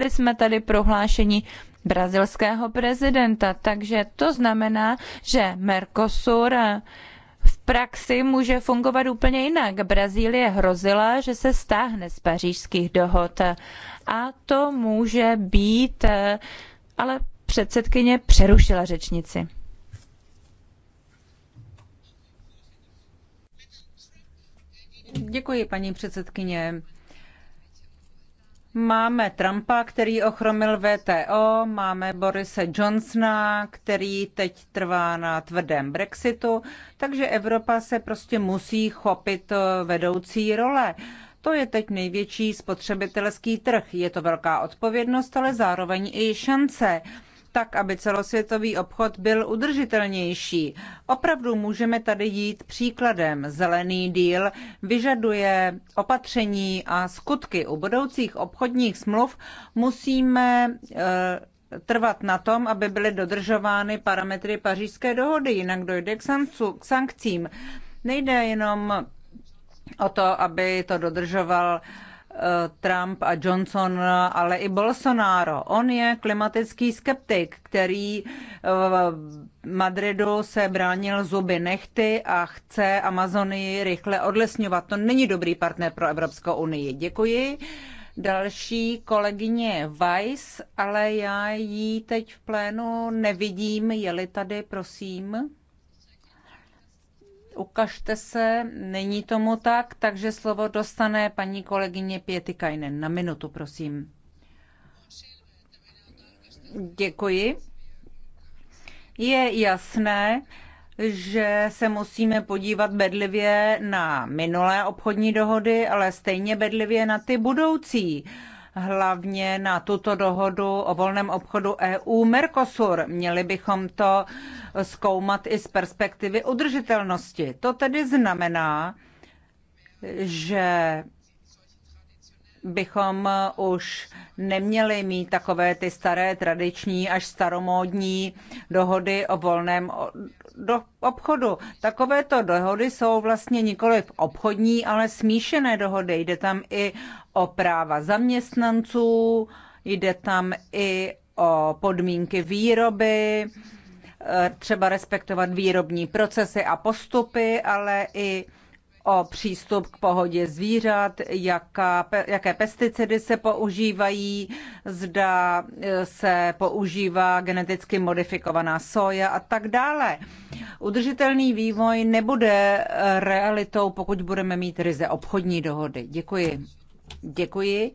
Měli jsme tady prohlášení brazilského prezidenta, takže to znamená, že Mercosur v praxi může fungovat úplně jinak. Brazílie hrozila, že se stáhne z pařížských dohod a to může být, eh, ale předsedkyně přerušila řečnici. Děkuji, paní předsedkyně. Máme Trumpa, který ochromil VTO, máme Borise Johnsona, který teď trvá na tvrdém Brexitu, takže Evropa se prostě musí chopit eh, vedoucí role. To je teď největší spotřebitelský trh. Je to velká odpovědnost, ale zároveň i šance tak, aby celosvětový obchod byl udržitelnější. Opravdu můžeme tady jít příkladem. Zelený díl vyžaduje opatření a skutky. U budoucích obchodních smluv musíme eh, trvat na tom, aby byly dodržovány parametry pařížské dohody, jinak dojde k, sancu, k sankcím. Nejde jenom o to, aby to dodržoval Eh, Trump a Johnson, ale i Bolsonaro. On je klimatický skeptik, který v eh, Madridu se bránil zuby nechty a chce Amazonii rychle odlesňovat. To není dobrý partner pro Evropskou unii. Děkuji. Další kolegyně Weiss, ale já ji teď v plénu nevidím. Je-li tady, prosím. Ukažte se, není tomu tak, takže slovo dostane paní kolegyně Pěty Kajnen. Na minutu, prosím. Děkuji. Je jasné, že se musíme podívat bedlivě na minulé obchodní dohody, ale stejně bedlivě na ty budoucí hlavně na tuto dohodu o volném obchodu EU-Mercosur. Měli bychom to zkoumat i z perspektivy udržitelnosti. To tedy znamená, že bychom už neměli mít takové ty staré tradiční až staromódní dohody o volném do obchodu. Takovéto dohody jsou vlastně nikoli obchodní, ale smíšené dohody. Jde tam i o práva zaměstnanců, jde tam i o podmínky výroby, třeba respektovat výrobní procesy a postupy, ale i o přístup k pohodě zvířat, jaká, jaké pesticidy se používají, zda e, se používá geneticky modifikovaná soja a tak dále. Udržitelný vývoj nebude realitou, pokud budeme mít ryze obchodní dohody. Děkuji. Děkuji.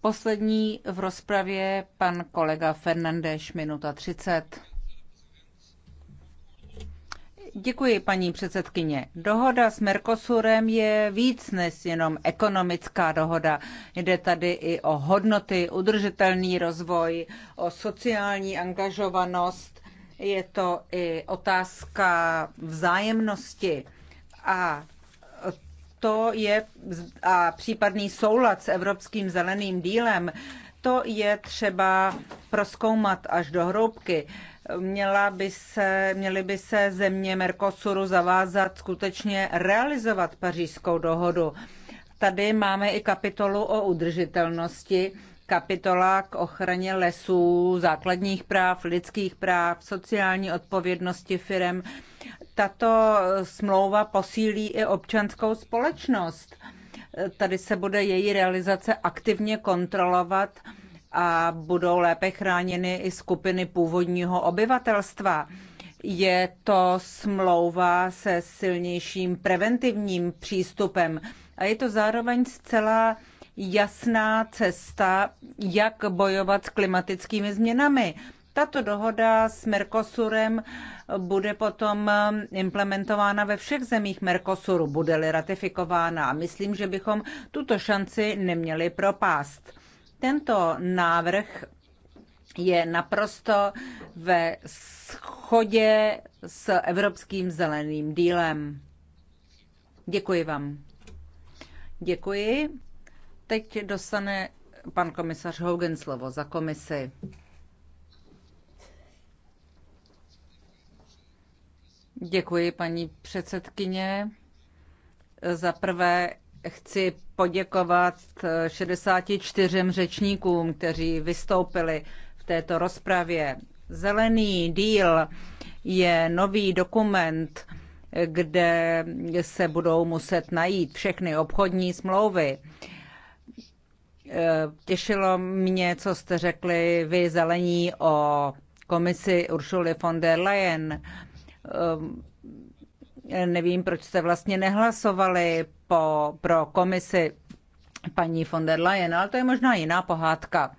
Poslední v rozpravě pan kolega Fernandeš, minuta 30. Děkuji, paní předsedkyně. Dohoda s Mercosurem je víc než jenom ekonomická dohoda. Jde tady i o hodnoty, udržitelný rozvoj, o sociální angažovanost. Je to i otázka vzájemnosti. A to je a případný soulad s evropským zeleným dílem, to je třeba proskoumat až do hroubky. Měla by se, měly by se země Mercosuru zavázat skutečně realizovat pařížskou dohodu. Tady máme i kapitolu o udržitelnosti, kapitola k ochraně lesů, základních práv, lidských práv, sociální odpovědnosti firem. Tato smlouva posílí i občanskou společnost. Tady se bude její realizace aktivně kontrolovat a budou lépe chráněny i skupiny původního obyvatelstva. Je to smlouva se silnějším preventivním přístupem a je to zároveň zcela jasná cesta, jak bojovat s klimatickými změnami. Tato dohoda s Mercosurem bude potom implementována ve všech zemích Mercosuru, bude-li ratifikována a myslím, že bychom tuto šanci neměli propást. Tento návrh je naprosto ve schodě s Evropským zeleným dílem. Děkuji vám. Děkuji. Teď dostane pan komisař Hogan slovo za komisi. Děkuji, paní předsedkyně. Za prvé chci poděkovat 64 řečníkům, kteří vystoupili v této rozpravě. Zelený díl je nový dokument, kde se budou muset najít všechny obchodní smlouvy. Těšilo mě, co jste řekli vy zelení o komisi Uršuly von der Leyen. Ehm, nevím, proč jste vlastně nehlasovali po, pro komisi paní von der Leyen, ale to je možná jiná pohádka.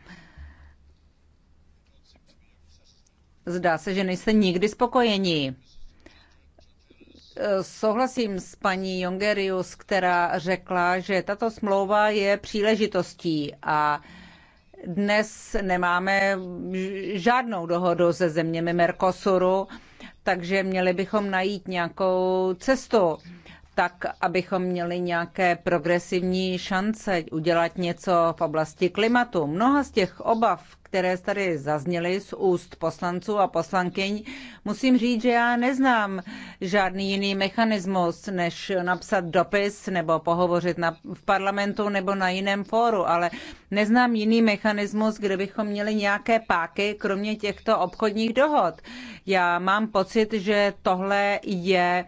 Zdá se, že nejste nikdy spokojení. Ehm, souhlasím s paní Jongerius, která řekla, že tato smlouva je příležitostí a dnes nemáme žádnou dohodu se zeměmi Mercosuru takže měli bychom najít nějakou cestu tak, abychom měli nějaké progresivní šance udělat něco v oblasti klimatu. Mnoha z těch obav, které tady zazněly z úst poslanců a poslankyň, musím říct, že já neznám žádný jiný mechanismus, než napsat dopis nebo pohovořit na, v parlamentu nebo na jiném fóru, ale neznám jiný mechanismus, kde bychom měli nějaké páky, kromě těchto obchodních dohod. Já mám pocit, že tohle je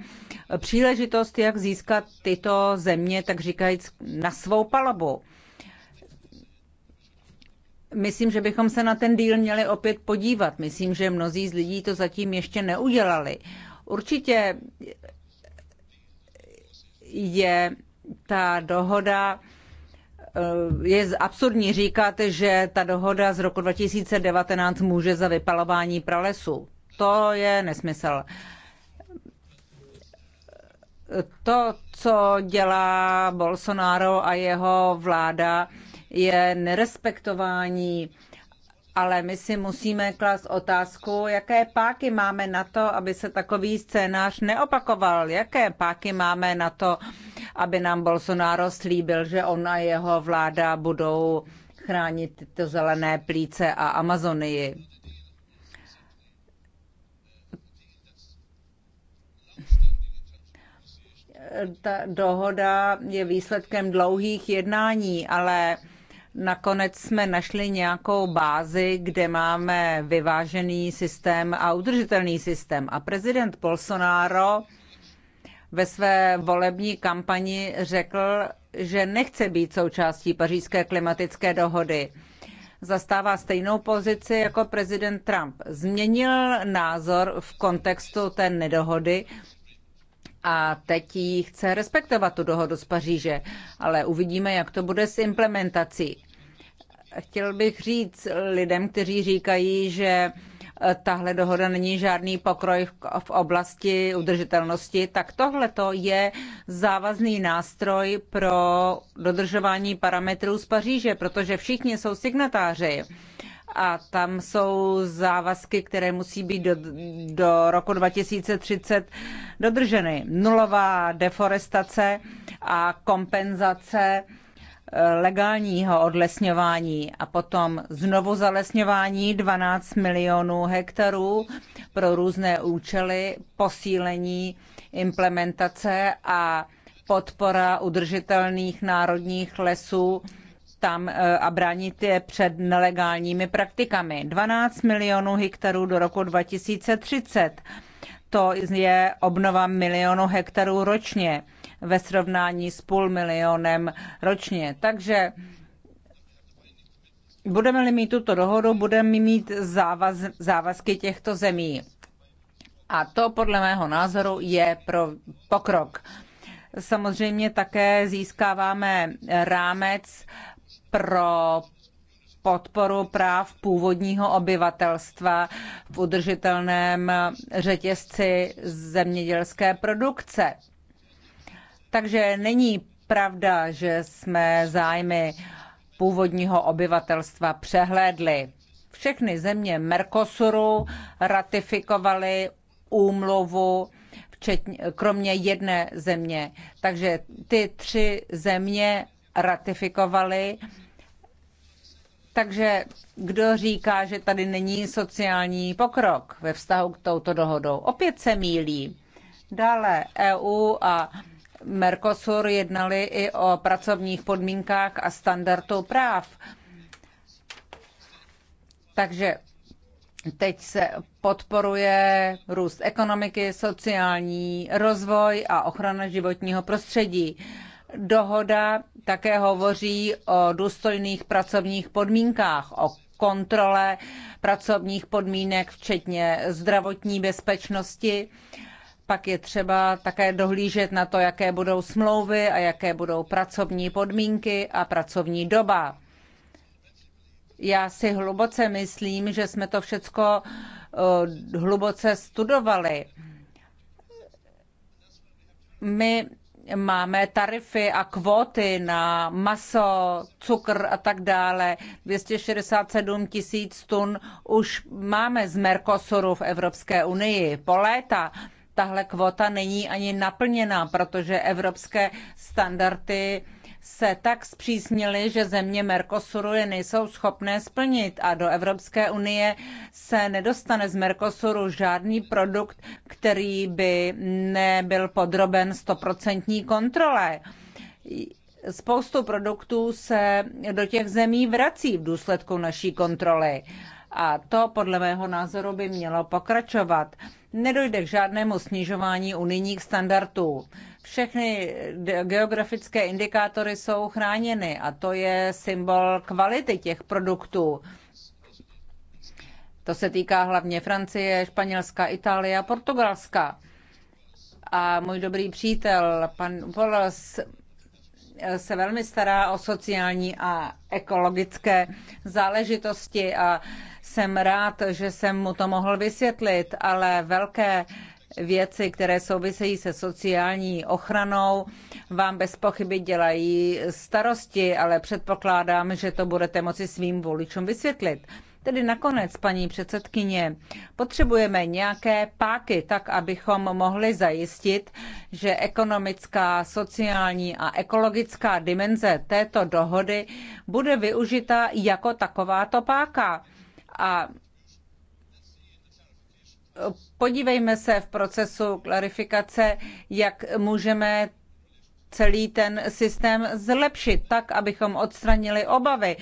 příležitost, jak získat tyto země, tak říkajíc, na svou palobu. Myslím, že bychom se na ten díl měli opět podívat. Myslím, že mnozí z lidí to zatím ještě neudělali. Určitě je ta dohoda eh, je absurdní říkat, že ta dohoda z roku 2019 může za vypalování pralesu. To je nesmysl. To, co dělá Bolsonaro a jeho vláda, je nerespektování. Ale my si musíme klást otázku, jaké páky máme na to, aby se takový scénář neopakoval. Jaké páky máme na to, aby nám Bolsonaro slíbil, že on a jeho vláda budou chránit tyto zelené plíce a Amazonii. Ta dohoda je výsledkem dlouhých jednání, ale Nakonec jsme našli nějakou bázi, kde máme vyvážený systém a udržitelný systém. A prezident Bolsonaro ve své volební kampani řekl, že nechce být součástí pařížské klimatické dohody. Zastává stejnou pozici jako prezident Trump. Změnil názor v kontextu té nedohody, a teď ji chce respektovat tu dohodu z Paříže, ale uvidíme, jak to bude s implementací. Chtěl bych říct lidem, kteří říkají, že eh, tahle dohoda není žádný pokroj v oblasti udržitelnosti, tak tohle je závazný nástroj pro dodržování parametrů z Paříže, protože všichni jsou signatáři a tam jsou závazky, které musí být do, do roku 2030 dodrženy. Nulová deforestace a kompenzace eh, legálního odlesňování a potom znovu zalesňování 12 milionů hektarů pro různé účely, posílení implementace a podpora udržitelných národních lesů tam eh, a bránit je před nelegálními praktikami. 12 milionů hektarů do roku 2030. To je obnova milionu hektarů ročně ve srovnání s půl milionem ročně. Takže budeme-li mít tuto dohodu, budeme mít závaz, závazky těchto zemí. A to podle mého názoru je pro pokrok. Samozřejmě také získáváme rámec pro podporu práv původního obyvatelstva v udržitelném řetězci zemědělské produkce. Takže není pravda, že jsme zájmy původního obyvatelstva přehlédli. Všechny země Mercosuru ratifikovaly úmluvu, včetně, kromě jedné země. Takže ty tři země ratifikovaly takže kdo říká, že tady není sociální pokrok ve vztahu k touto dohodou? Opět se mílí. Dále EU a Mercosur jednali i o pracovních podmínkách a standardu práv. Takže teď se podporuje růst ekonomiky, sociální rozvoj a ochrana životního prostředí. Dohoda také hovoří o důstojných pracovních podmínkách, o kontrole pracovních podmínek, včetně zdravotní bezpečnosti. Pak je třeba také dohlížet na to, jaké budou smlouvy a jaké budou pracovní podmínky a pracovní doba. Já si hluboce myslím, že jsme to všecko eh, hluboce studovali. My máme tarify a kvóty na maso, cukr a tak dále. 267 tisíc tun už máme z Mercosuru v Evropské unii po léta. Tahle kvota není ani naplněná, protože evropské standardy se tak zpřísnily, že země Mercosuru je nejsou schopné splnit a do Evropské unie se nedostane z Mercosuru žádný produkt, který by nebyl podroben stoprocentní kontrole. Spoustu produktů se do těch zemí vrací v důsledku naší kontroly. A to podle mého názoru by mělo pokračovat. Nedojde k žádnému snižování unijních standardů všechny geografické indikátory jsou chráněny a to je symbol kvality těch produktů. To se týká hlavně Francie, Španělska, Itálie a Portugalska. A můj dobrý přítel, pan Polos, se velmi stará o sociální a ekologické záležitosti a jsem rád, že jsem mu to mohl vysvětlit, ale velké věci, které souvisejí se sociální ochranou, vám bez pochyby dělají starosti, ale předpokládám, že to budete moci svým voličům vysvětlit. Tedy nakonec, paní předsedkyně, potřebujeme nějaké páky, tak abychom mohli zajistit, že ekonomická, sociální a ekologická dimenze této dohody bude využita jako takováto páka. A podívejme se v procesu klarifikace, jak můžeme celý ten systém zlepšit tak, abychom odstranili obavy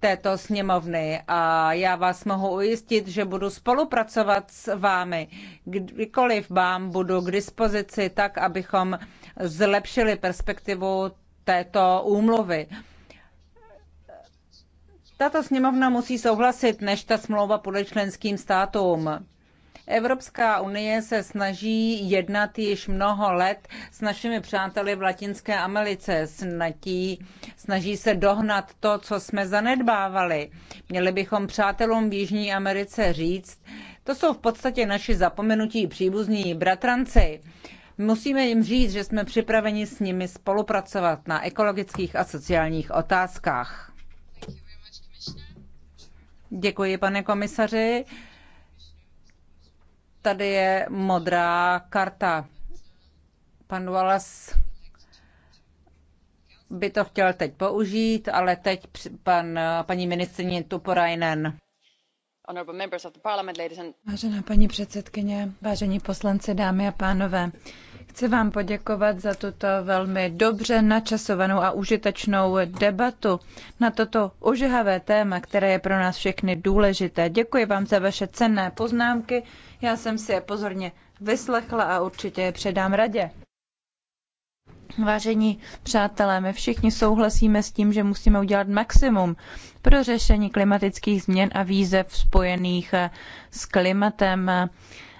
této sněmovny a já vás mohu ujistit, že budu spolupracovat s vámi, kdykoliv vám budu k dispozici, tak abychom zlepšili perspektivu této úmluvy. Tato sněmovna musí souhlasit, než ta smlouva půjde členským státům. Evropská unie se snaží jednat již mnoho let s našimi přáteli v Latinské Americe. Snatí, snaží se dohnat to, co jsme zanedbávali. Měli bychom přátelům v Jižní Americe říct, to jsou v podstatě naši zapomenutí příbuzní bratranci. Musíme jim říct, že jsme připraveni s nimi spolupracovat na ekologických a sociálních otázkách. Děkuji, pane komisaři. Tady je modrá karta. Pan Wallace by to chtěl teď použít, ale teď pan, paní ministrině Tuporajnen. Vážená paní předsedkyně, vážení poslanci, dámy a pánové, Chci vám poděkovat za tuto velmi dobře načasovanou a užitečnou debatu na toto ožehavé téma, které je pro nás všechny důležité. Děkuji vám za vaše cenné poznámky. Já jsem si je pozorně vyslechla a určitě je předám radě. Vážení přátelé, my všichni souhlasíme s tím, že musíme udělat maximum pro řešení klimatických změn a výzev spojených s klimatem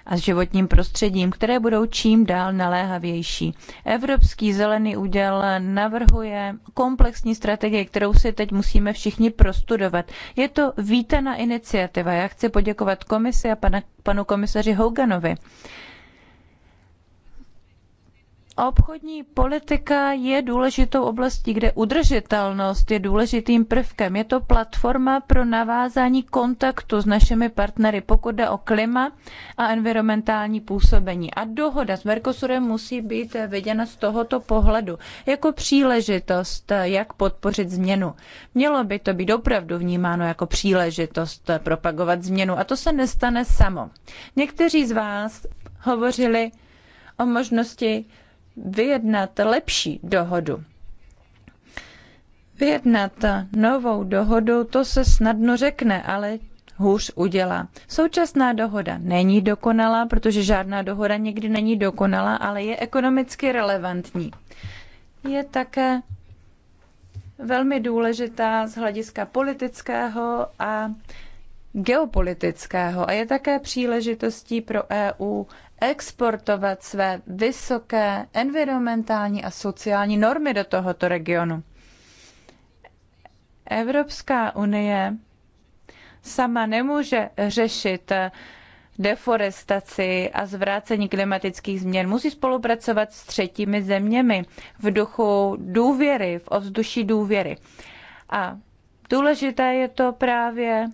a s životním prostředím, které budou čím dál naléhavější. Evropský zelený úděl navrhuje komplexní strategii, kterou si teď musíme všichni prostudovat. Je to vítaná iniciativa. Já chci poděkovat komisi a pana, panu komisaři Hoganovi. Obchodní politika je důležitou oblastí, kde udržitelnost je důležitým prvkem. Je to platforma pro navázání kontaktu s našimi partnery, pokud jde o klima a environmentální působení. A dohoda s Mercosurem musí být viděna z tohoto pohledu jako příležitost, jak podpořit změnu. Mělo by to být opravdu vnímáno jako příležitost propagovat změnu a to se nestane samo. Někteří z vás hovořili o možnosti vyjednat lepší dohodu. Vyjednat novou dohodu, to se snadno řekne, ale hůř udělá. Současná dohoda není dokonalá, protože žádná dohoda nikdy není dokonalá, ale je ekonomicky relevantní. Je také velmi důležitá z hlediska politického a geopolitického a je také příležitostí pro EU exportovat své vysoké environmentální a sociální normy do tohoto regionu. Evropská unie sama nemůže řešit deforestaci a zvrácení klimatických změn. Musí spolupracovat s třetími zeměmi v duchu důvěry, v ovzduší důvěry. A důležité je to právě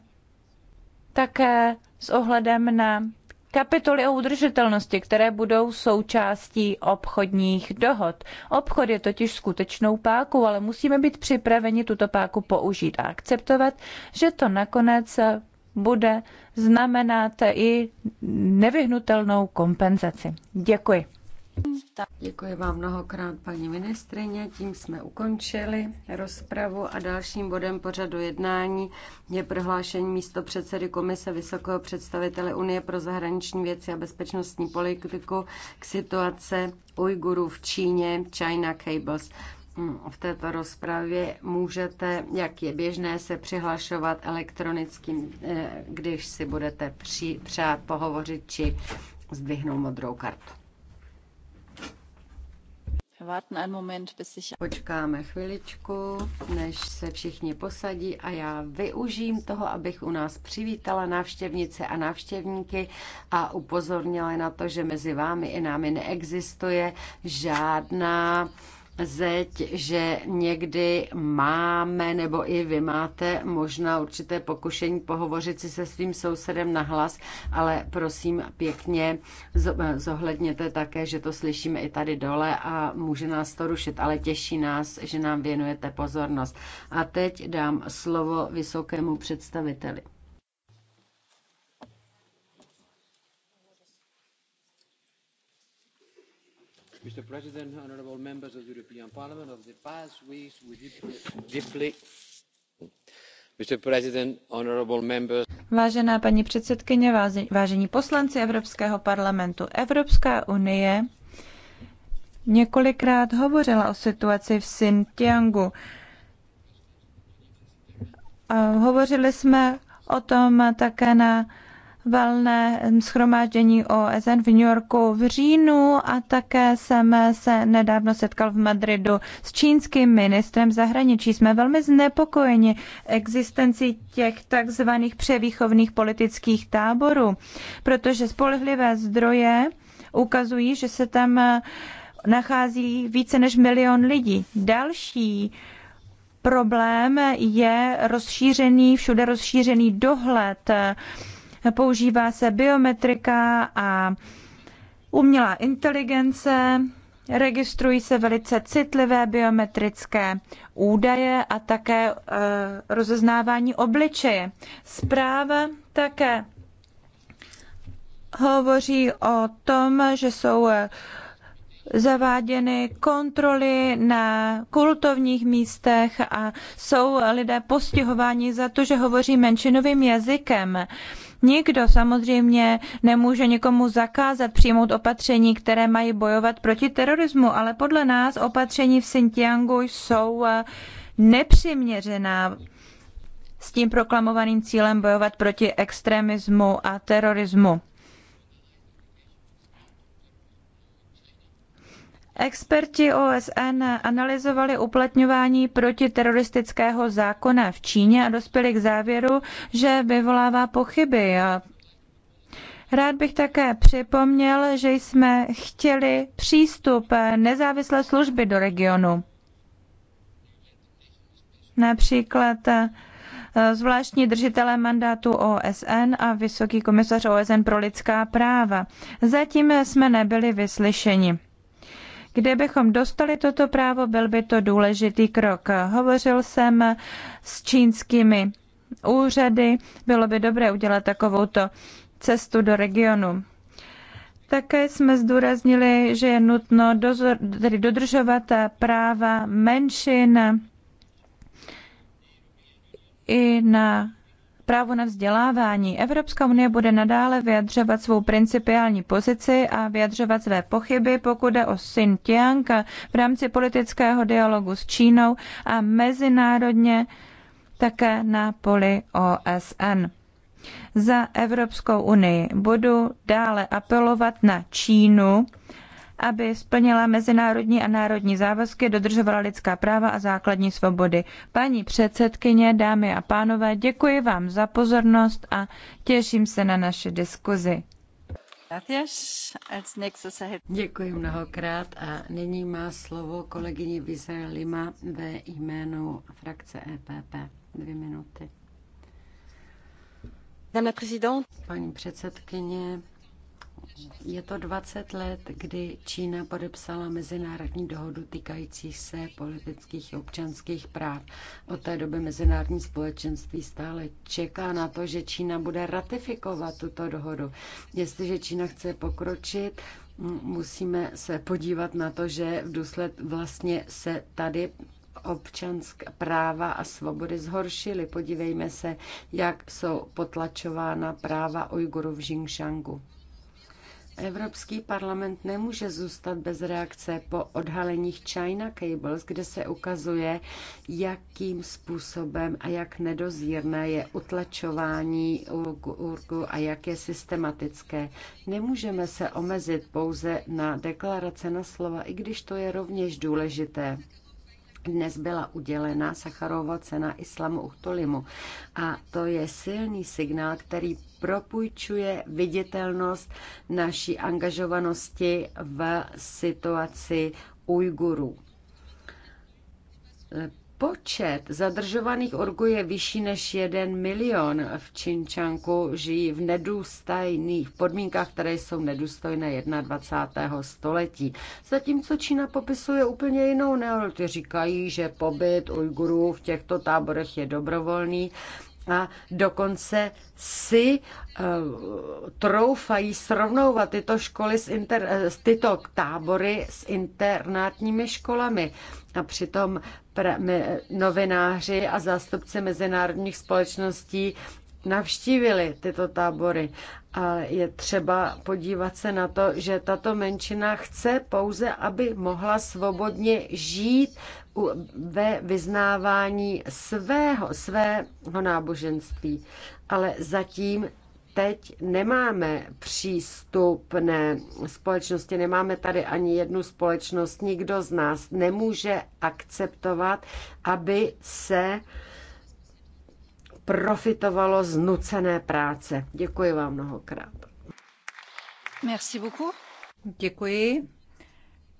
také s ohledem na kapitoly o udržitelnosti, které budou součástí obchodních dohod. Obchod je totiž skutečnou páku, ale musíme být připraveni tuto páku použít a akceptovat, že to nakonec bude znamenat i nevyhnutelnou kompenzaci. Děkuji. Děkuji vám mnohokrát, paní ministrině. Tím jsme ukončili rozpravu a dalším bodem pořadu jednání je prohlášení místo předsedy Komise Vysokého představitele Unie pro zahraniční věci a bezpečnostní politiku k situace Ujgurů v Číně China Cables. V této rozpravě můžete, jak je běžné, se přihlašovat elektronicky, eh, když si budete při, přát pohovořit či zdvihnout modrou kartu. Počkáme chviličku, než se všichni posadí a já využím toho, abych u nás přivítala návštěvnice a návštěvníky a upozornila na to, že mezi vámi i námi neexistuje žádná zeď, že někdy máme, nebo i vy máte možná určité pokušení pohovořit si se svým sousedem na hlas, ale prosím pěkně zohledněte také, že to slyšíme i tady dole a může nás to rušit, ale těší nás, že nám věnujete pozornost. A teď dám slovo vysokému představiteli. Mr. President, honorable members of the European Parliament, over the past weeks we deeply Mr. President, honorable members. Vážená paní předsedkyně, vážení poslanci Evropského parlamentu, Evropská unie několikrát hovořila o situaci v Xinjiangu. hovořili jsme o tom také na valné schromáždění OSN v New Yorku v říjnu a také jsem se nedávno setkal v Madridu s čínským ministrem zahraničí. Jsme velmi znepokojeni existenci těch takzvaných převýchovných politických táborů, protože spolehlivé zdroje ukazují, že se tam nachází více než milion lidí. Další problém je rozšířený, všude rozšířený dohled používá se biometrika a umělá inteligence, registrují se velice citlivé biometrické údaje a také e, rozeznávání obličeje. Zpráva také hovoří o tom, že jsou eh, zaváděny kontroly na kultovních místech a jsou lidé postihováni za to, že hovoří menšinovým jazykem. E, Nikdo samozřejmě nemůže nikomu zakázat přijmout opatření, které mají bojovat proti terorismu, ale podle nás opatření v Xinjiangu jsou eh, nepřiměřená s tím proklamovaným cílem bojovat proti extremismu a terorismu. Experti OSN analyzovali uplatňování protiteroristického zákona v Číně a dospěli k závěru, že vyvolává pochyby. Rád bych také připomněl, že jsme chtěli přístup nezávislé služby do regionu. Například eh, zvláštní držitelé mandátu OSN a vysoký komisař OSN pro lidská práva. Zatím jsme nebyli vyslyšeni. Kdybychom dostali toto právo, byl by to důležitý krok. Hovořil jsem s čínskými úřady, bylo by dobré udělat takovouto cestu do regionu. Také jsme zdůraznili, že je nutno dozor, tedy dodržovat práva menšin i na Právo na vzdělávání. Evropská unie bude nadále vyjadřovat svou principiální pozici a vyjadřovat své pochyby, pokud jde o Xinjiang v rámci politického dialogu s Čínou a mezinárodně také na poli OSN. Za Evropskou unii budu dále apelovat na Čínu, aby splnila mezinárodní a národní závazky, dodržovala lidská práva a základní svobody. Paní předsedkyně, dámy a pánové, děkuji vám za pozornost a těším se na naše diskuzi. Děkuji mnohokrát a nyní má slovo kolegyně Vizer Lima ve jménu frakce EPP. Dvě minuty. Paní předsedkyně, je to 20 let, kdy Čína podepsala mezinárodní dohodu týkající se politických a občanských práv. Od té doby mezinárodní společenství stále čeká na to, že Čína bude ratifikovat tuto dohodu. Jestliže Čína chce pokročit, musíme se podívat na to, že v důsled vlastně se tady občanská práva a svobody zhoršily. Podívejme se, jak jsou potlačována práva Ujgurů v Xinjiangu. Evropský parlament nemůže zůstat bez reakce po odhaleních China Cables, kde se ukazuje, jakým způsobem a jak nedozírné je utlačování Urgu a jak je systematické. Nemůžeme se omezit pouze na deklarace na slova, i když to je rovněž důležité. Dnes byla udělena Sacharova cena Islamu Uhtolimu a to je silný signál, který propůjčuje viditelnost naší angažovanosti v situaci Ujgurů Počet zadržovaných orgů je vyšší než jeden milion v Činčanku, žijí v nedůstojných podmínkách, které jsou nedůstojné 21. století. Zatímco Čína popisuje úplně jinou neolitu. Říkají, že pobyt Ujgurů v těchto táborech je dobrovolný a dokonce si uh, troufají srovnávat tyto školy s inter, eh, tyto tábory s internátními školami. A přitom pra, me, novináři a zástupci mezinárodních společností navštívili tyto tábory. A je třeba podívat se na to, že tato menšina chce pouze, aby mohla svobodně žít ve vyznávání svého, svého náboženství. Ale zatím teď nemáme přístupné společnosti, nemáme tady ani jednu společnost, nikdo z nás nemůže akceptovat, aby se profitovalo z nucené práce. Děkuji vám mnohokrát. Merci beaucoup. Děkuji.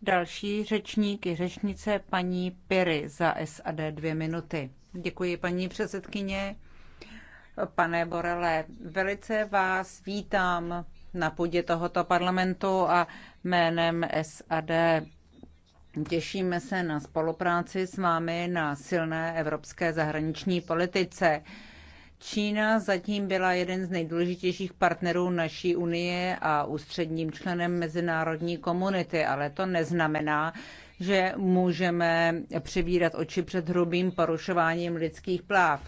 Další řečník je řečnice paní Piry za SAD dvě minuty. Děkuji paní předsedkyně. Pane Borele, velice vás vítám na půdě tohoto parlamentu a jménem SAD těšíme se na spolupráci s vámi na silné evropské zahraniční politice. Čína zatím byla jeden z nejdůležitějších partnerů naší unie a ústředním členem mezinárodní komunity, ale to neznamená, že můžeme přivírat oči před hrubým porušováním lidských práv.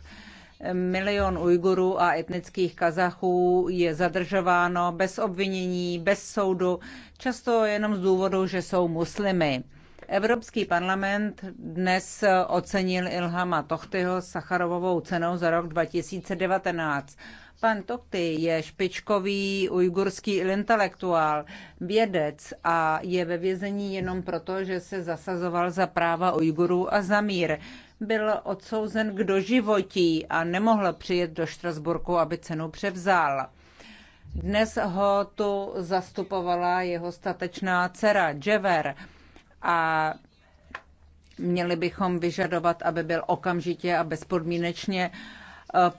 Milion Ujgurů a etnických Kazachů je zadržováno bez obvinění, bez soudu, často jenom z důvodu, že jsou muslimy. Evropský parlament dnes ocenil Ilhama Tochtyho Sacharovovou cenou za rok 2019. Pan Tochty je špičkový ujgurský intelektuál, vědec a je ve vězení jenom proto, že se zasazoval za práva Ujgurů a za mír. Byl odsouzen k doživotí a nemohl přijet do Štrasburku, aby cenu převzal. Dnes ho tu zastupovala jeho statečná dcera Jever a měli bychom vyžadovat, aby byl okamžitě a bezpodmínečně eh,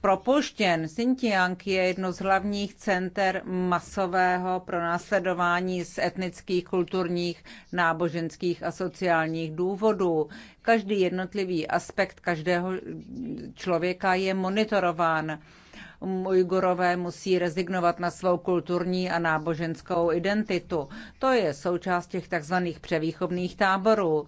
propuštěn. Xinjiang je jedno z hlavních center masového pronásledování z etnických, kulturních, náboženských a sociálních důvodů. Každý jednotlivý aspekt každého člověka je monitorován. Ujgurové musí rezignovat na svou kulturní a náboženskou identitu. To je součást těch tzv. převýchovných táborů.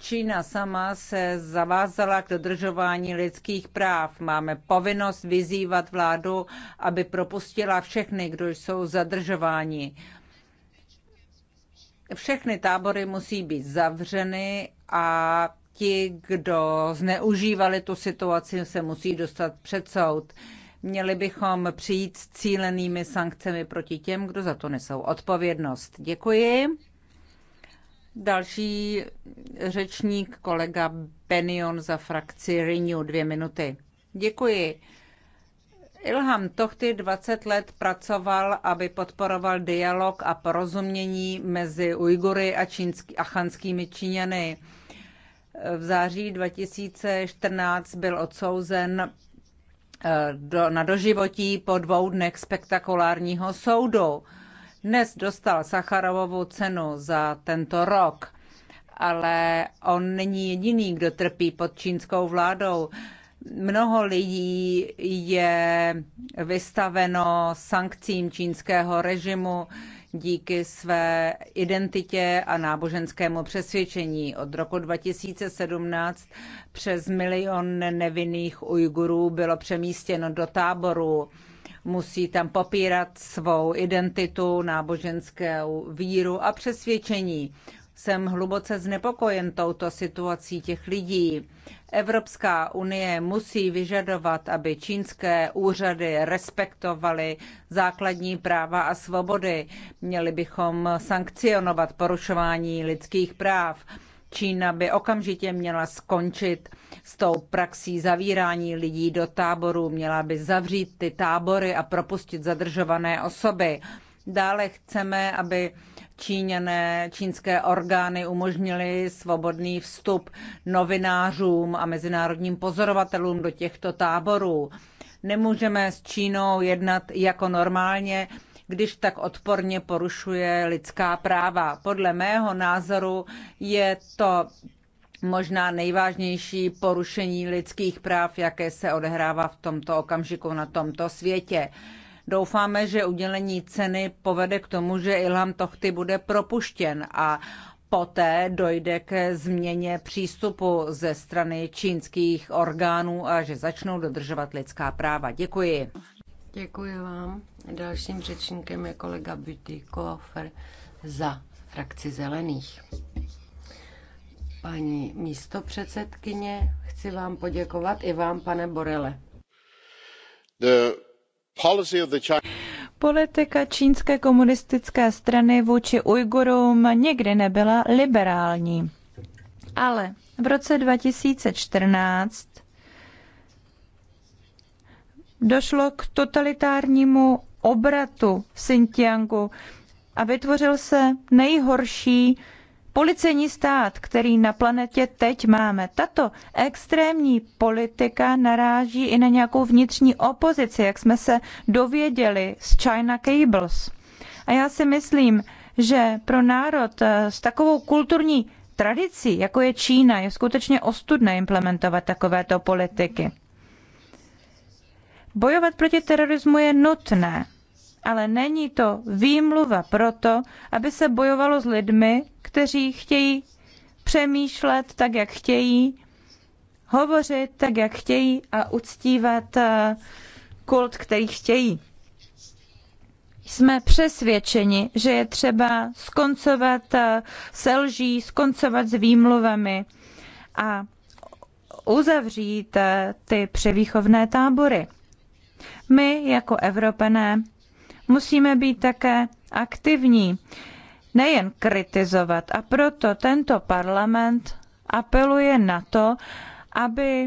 Čína sama se zavázala k dodržování lidských práv. Máme povinnost vyzývat vládu, aby propustila všechny, kdo jsou zadržováni. Všechny tábory musí být zavřeny a ti, kdo zneužívali tu situaci, se musí dostat před soud. Měli bychom přijít s cílenými sankcemi proti těm, kdo za to nesou odpovědnost. Děkuji. Další řečník, kolega Benion za frakci Renew, dvě minuty. Děkuji. Ilham Tohty 20 let pracoval, aby podporoval dialog a porozumění mezi Ujgury a, čínský, a chanskými Číňany. V září 2014 byl odsouzen do, na doživotí po dvou dnech spektakulárního soudu. Dnes dostal Sacharovovu cenu za tento rok, ale on není jediný, kdo trpí pod čínskou vládou. Mnoho lidí je vystaveno sankcím čínského režimu, díky své identitě a náboženskému přesvědčení. Od roku 2017 přes milion nevinných Ujgurů bylo přemístěno do táboru. Musí tam popírat svou identitu, náboženskou víru a přesvědčení. Jsem hluboce znepokojen touto situací těch lidí. Evropská unie musí vyžadovat, aby čínské úřady respektovaly základní práva a svobody. Měli bychom sankcionovat porušování lidských práv. Čína by okamžitě měla skončit s tou praxí zavírání lidí do táborů, měla by zavřít ty tábory a propustit zadržované osoby. Dále chceme, aby Číňané, čínské orgány umožnily svobodný vstup novinářům a mezinárodním pozorovatelům do těchto táborů. Nemůžeme s Čínou jednat jako normálně, když tak odporně porušuje lidská práva. Podle mého názoru je to možná nejvážnější porušení lidských práv, jaké se odehrává v tomto okamžiku na tomto světě. Doufáme, že udělení ceny povede k tomu, že Ilham Tohty bude propuštěn a poté dojde ke změně přístupu ze strany čínských orgánů a že začnou dodržovat lidská práva. Děkuji. Děkuji vám. Dalším řečníkem je kolega Beauty Kofer za frakci zelených. Paní místopředsedkyně, chci vám poděkovat i vám, pane Borele. Politika čínské komunistické strany vůči Ujgurům nikdy nebyla liberální. Ale v roce 2014 došlo k totalitárnímu obratu v Xinjiangu a vytvořil se nejhorší policejní stát, který na planetě teď máme. Tato extrémní politika naráží i na nějakou vnitřní opozici, jak jsme se dověděli z China Cables. A já si myslím, že pro národ eh, s takovou kulturní tradicí, jako je Čína, je skutečně ostudné implementovat takovéto politiky. Bojovat proti terorismu je nutné ale není to výmluva proto, aby se bojovalo s lidmi, kteří chtějí přemýšlet tak, jak chtějí, hovořit tak, jak chtějí a uctívat eh, kult, který chtějí. Jsme přesvědčeni, že je třeba skoncovat eh, se lží, skoncovat s výmluvami a uzavřít eh, ty převýchovné tábory. My jako Evropané musíme být také aktivní, nejen kritizovat. A proto tento parlament apeluje na to, aby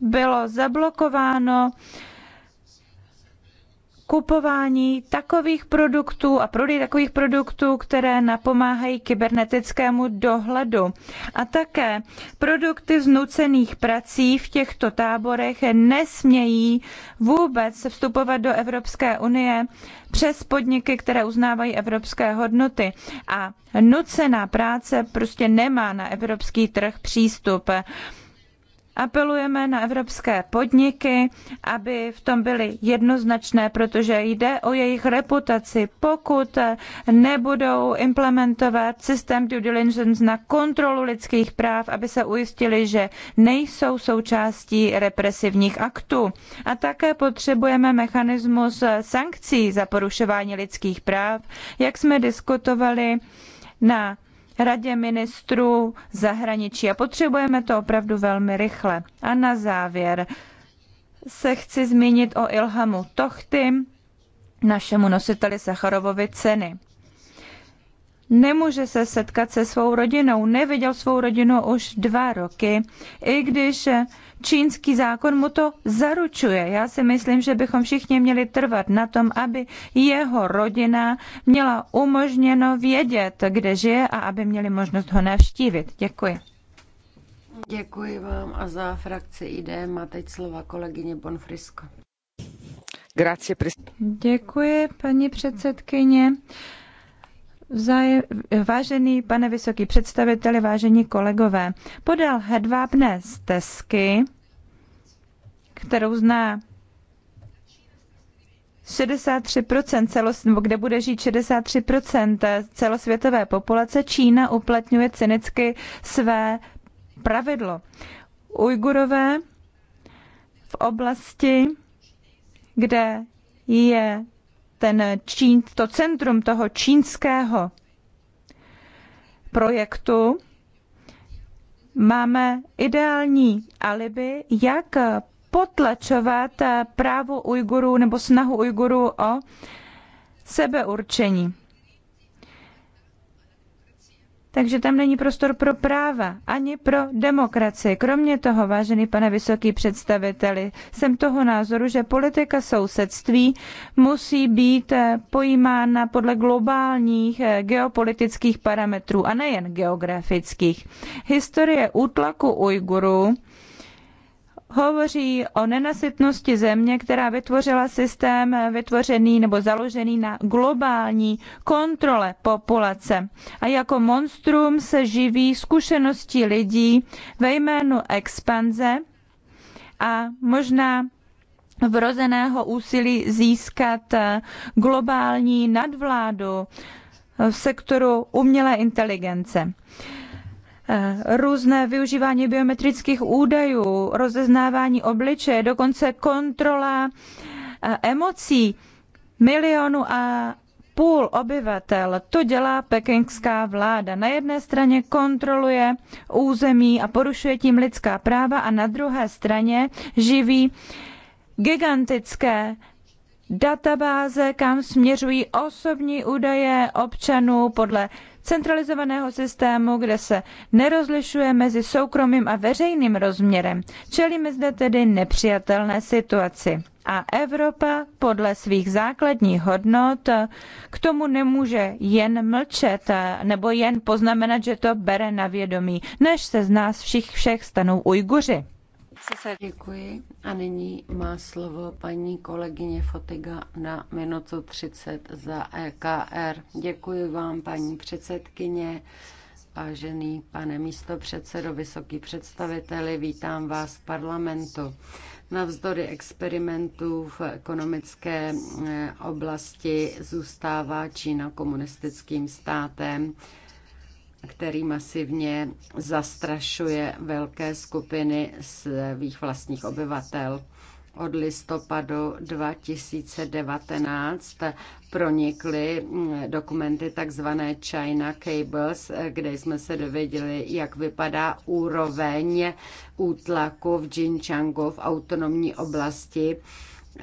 bylo zablokováno kupování takových produktů a prodej takových produktů, které napomáhají kybernetickému dohledu. A také produkty z nucených prací v těchto táborech nesmějí vůbec vstupovat do Evropské unie přes podniky, které uznávají evropské hodnoty. A nucená práce prostě nemá na evropský trh přístup apelujeme na evropské podniky, aby v tom byly jednoznačné, protože jde o jejich reputaci. Pokud nebudou implementovat systém due diligence na kontrolu lidských práv, aby se ujistili, že nejsou součástí represivních aktů. A také potřebujeme mechanismus sankcí za porušování lidských práv, jak jsme diskutovali na radě ministrů zahraničí a potřebujeme to opravdu velmi rychle. A na závěr se chci zmínit o Ilhamu Tochty, našemu nositeli Sacharovovi ceny nemůže se setkat se svou rodinou, neviděl svou rodinu už dva roky, i když čínský zákon mu to zaručuje. Já si myslím, že bychom všichni měli trvat na tom, aby jeho rodina měla umožněno vědět, kde žije a aby měli možnost ho navštívit. Děkuji. Děkuji vám a za frakci ID má teď slova kolegyně Bonfrisko. Děkuji, paní předsedkyně. Vzáje, vážený pane vysoký představiteli, vážení kolegové, podal hedvábné stezky, kterou zná 63% celos, nebo kde bude žít 63% celosvětové populace, Čína uplatňuje cynicky své pravidlo. Ujgurové v oblasti, kde je ten Čín, to centrum toho čínského projektu, máme ideální alibi, jak potlačovat právo Ujgurů nebo snahu Ujgurů o sebeurčení takže tam není prostor pro práva ani pro demokracii. Kromě toho, vážený pane vysoký představiteli, jsem toho názoru, že politika sousedství musí být eh, pojímána podle globálních eh, geopolitických parametrů a nejen geografických. Historie útlaku Ujgurů hovoří o nenasytnosti země, která vytvořila systém vytvořený nebo založený na globální kontrole populace. A jako monstrum se živí zkušenosti lidí ve jménu expanze a možná vrozeného úsilí získat globální nadvládu v sektoru umělé inteligence. Eh, různé využívání biometrických údajů, rozeznávání obličeje, dokonce kontrola eh, emocí milionu a půl obyvatel. To dělá pekingská vláda. Na jedné straně kontroluje území a porušuje tím lidská práva a na druhé straně živí gigantické databáze, kam směřují osobní údaje občanů podle centralizovaného systému, kde se nerozlišuje mezi soukromým a veřejným rozměrem. Čelíme zde tedy nepřijatelné situaci. A Evropa podle svých základních hodnot k tomu nemůže jen mlčet nebo jen poznamenat, že to bere na vědomí, než se z nás všich všech stanou Ujguři. Děkuji. A nyní má slovo paní kolegyně Fotiga na minutu 30 za EKR. Děkuji vám, paní předsedkyně. Vážený pane místo předsedo, vysoký představiteli, vítám vás v parlamentu. Navzdory experimentů v ekonomické eh, oblasti zůstává Čína komunistickým státem který masivně zastrašuje velké skupiny svých vlastních obyvatel. Od listopadu 2019 pronikly dokumenty tzv. China Cables, kde jsme se dověděli, jak vypadá úroveň útlaku v Jinčangu v autonomní oblasti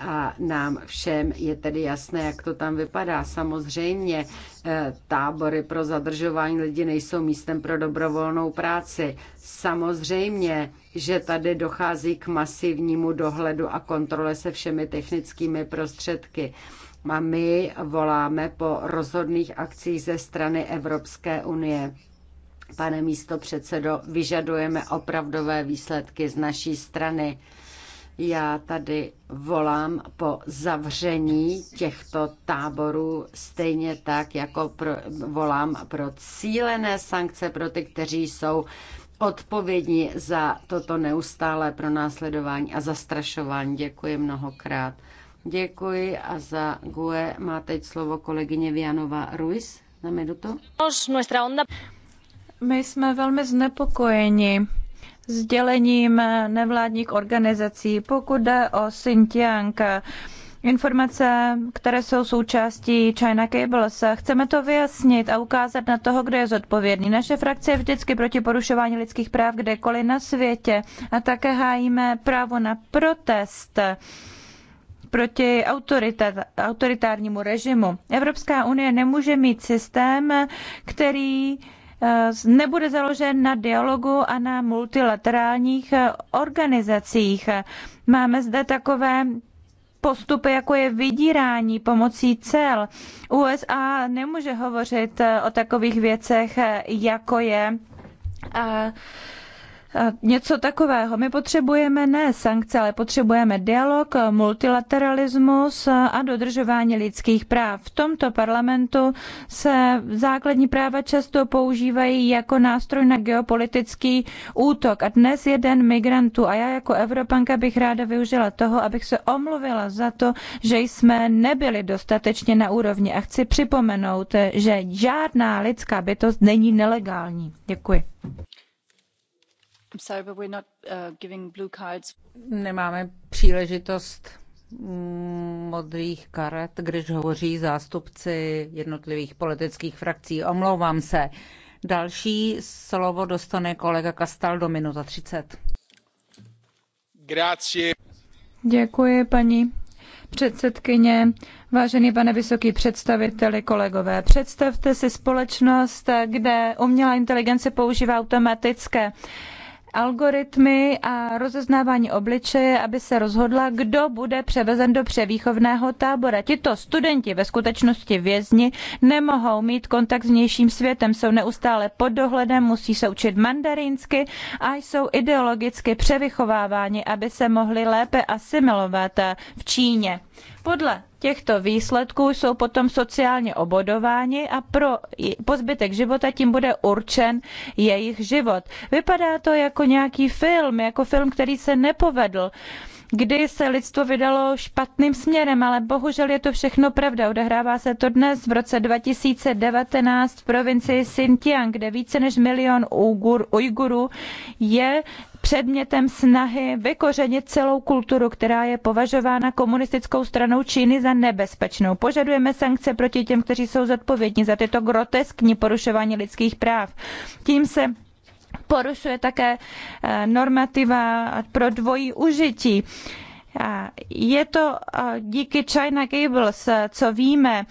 a nám všem je tedy jasné, jak to tam vypadá. Samozřejmě eh, tábory pro zadržování lidí nejsou místem pro dobrovolnou práci. Samozřejmě, že tady dochází k masivnímu dohledu a kontrole se všemi technickými prostředky. A my voláme po rozhodných akcích ze strany Evropské unie. Pane místo předsedo, vyžadujeme opravdové výsledky z naší strany. Já tady volám po zavření těchto táborů, stejně tak, jako pro, volám pro cílené sankce pro ty, kteří jsou odpovědní za toto neustálé pronásledování a zastrašování. Děkuji mnohokrát. Děkuji a za GUE má teď slovo kolegyně Vianova Ruiz na minutu. My jsme velmi znepokojeni sdělením nevládních organizací. Pokud jde o Xinjiang, informace, které jsou součástí China Cables. Chceme to vyjasnit a ukázat na toho, kdo je zodpovědný. Naše frakce je vždycky proti porušování lidských práv kdekoliv na světě a také hájíme právo na protest proti autoritárnímu režimu. Evropská unie nemůže mít systém, který nebude založen na dialogu a na multilaterálních eh, organizacích. Máme zde takové postupy, jako je vydírání pomocí cel. USA nemůže hovořit eh, o takových věcech, eh, jako je něco takového. My potřebujeme ne sankce, ale potřebujeme dialog, multilateralismus a dodržování lidských práv. V tomto parlamentu se základní práva často používají jako nástroj na geopolitický útok. A dnes je den migrantů a já jako Evropanka bych ráda využila toho, abych se omluvila za to, že jsme nebyli dostatečně na úrovni. A chci připomenout, že žádná lidská bytost není nelegální. Děkuji. Uh, Nemáme příležitost mm, modrých karet, když hovoří zástupci jednotlivých politických frakcí. Omlouvám se. Další slovo dostane kolega Kastal do minuta 30. Děkuji, paní předsedkyně, vážený pane vysoký představiteli, kolegové. Představte si společnost, kde umělá inteligence používá automatické uh, algoritmy a rozeznávání obličeje, aby se rozhodla, kdo bude převezen do převýchovného tábora. Tito studenti ve skutečnosti vězni nemohou mít kontakt s vnějším světem, jsou neustále pod dohledem, musí se učit mandarinsky a jsou ideologicky převychováváni, aby se mohli lépe asimilovat v Číně. Podle těchto výsledků jsou potom sociálně obodováni a pro po zbytek života tím bude určen jejich život. Vypadá to jako nějaký film, jako film, který se nepovedl. Uh, kdy se lidstvo vydalo špatným směrem, ale bohužel je to všechno pravda. Odehrává se to dnes v roce 2019 v provincii Xinjiang, kde více než milion Ujgur, Ujgurů je předmětem snahy vykořenit celou kulturu, která je považována komunistickou stranou Číny za nebezpečnou. Požadujeme sankce proti těm, kteří jsou zodpovědní za tyto groteskní porušování lidských práv. Tím se porušuje také eh, normativa pro dvojí užití. Je to eh, díky China Gables, eh, co víme,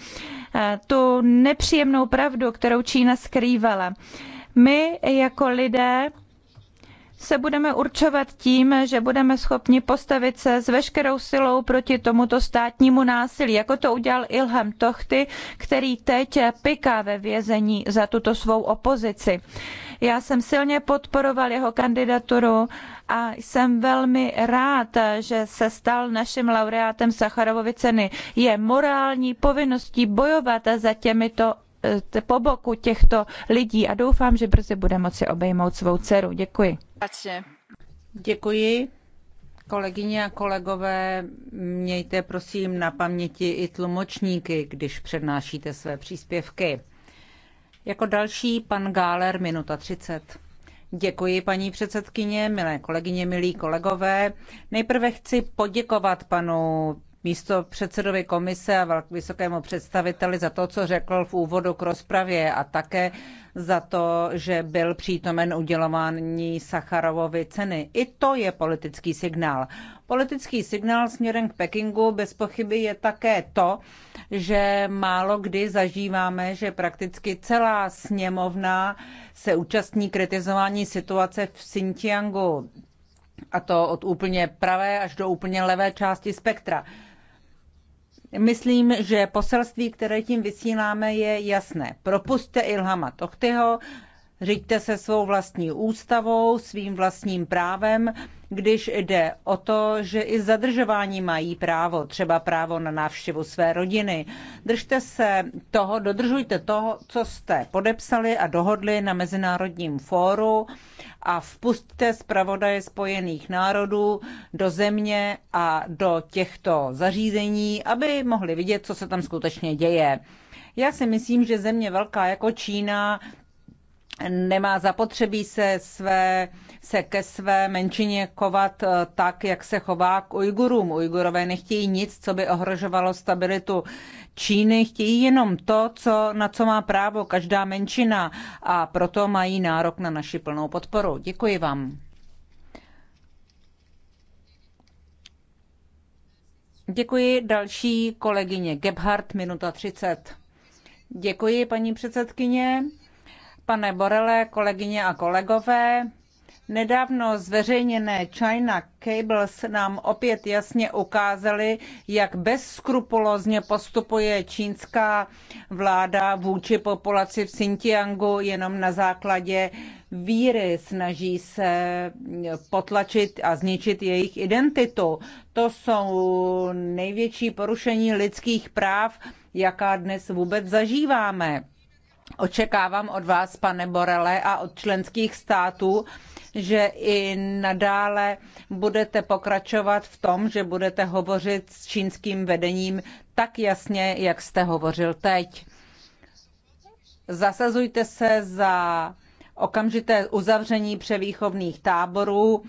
tu nepříjemnou pravdu, kterou Čína skrývala. My jako lidé se budeme určovat tím, že budeme schopni postavit se s veškerou silou proti tomuto státnímu násilí, jako to udělal Ilham Tochty, který teď piká ve vězení za tuto svou opozici. Já jsem silně podporoval jeho kandidaturu a jsem velmi rád, že se stal naším laureátem Sacharovovy ceny. Je morální povinností bojovat za těmito eh, po boku těchto lidí a doufám, že brzy bude moci obejmout svou dceru. Děkuji. Děkuji. Kolegyně a kolegové, mějte prosím na paměti i tlumočníky, když přednášíte své příspěvky. Jako další pan Gáler, minuta 30. Děkuji, paní předsedkyně, milé kolegyně, milí kolegové. Nejprve chci poděkovat panu místo předsedovi komise a vysokému představiteli za to, co řekl v úvodu k rozpravě a také za to, že byl přítomen udělování Sacharovovy ceny. I to je politický signál. Politický signál směrem k Pekingu bez pochyby je také to, že málo kdy zažíváme, že prakticky celá sněmovna se účastní kritizování situace v Xinjiangu. A to od úplně pravé až do úplně levé části spektra. Myslím, že poselství, které tím vysíláme, je jasné. Propuste Ilhama Tochtyho, Řiďte se svou vlastní ústavou, svým vlastním právem, když jde o to, že i zadržování mají právo, třeba právo na návštěvu své rodiny. Držte se toho, dodržujte toho, co jste podepsali a dohodli na Mezinárodním fóru a vpustte zpravodaje Spojených národů do země a do těchto zařízení, aby mohli vidět, co se tam skutečně děje. Já si myslím, že země velká jako Čína nemá zapotřebí se, své, se ke své menšině kovat, eh, tak, jak se chová k Ujgurům. Ujgurové nechtějí nic, co by ohrožovalo stabilitu Číny, chtějí jenom to, co, na co má právo každá menšina a proto mají nárok na naši plnou podporu. Děkuji vám. Děkuji další kolegyně Gebhardt, minuta 30. Děkuji, paní předsedkyně pane Borele, kolegyně a kolegové. Nedávno zveřejněné China Cables nám opět jasně ukázaly, jak bezskrupulózně postupuje čínská vláda vůči populaci v Xinjiangu jenom na základě víry. Snaží se potlačit a zničit jejich identitu. To jsou největší porušení lidských práv, jaká dnes vůbec zažíváme Očekávám od vás, pane Borele, a od členských států, že i nadále budete pokračovat v tom, že budete hovořit s čínským vedením tak jasně, jak jste hovořil teď. Zasazujte se za okamžité uzavření převýchovných táborů,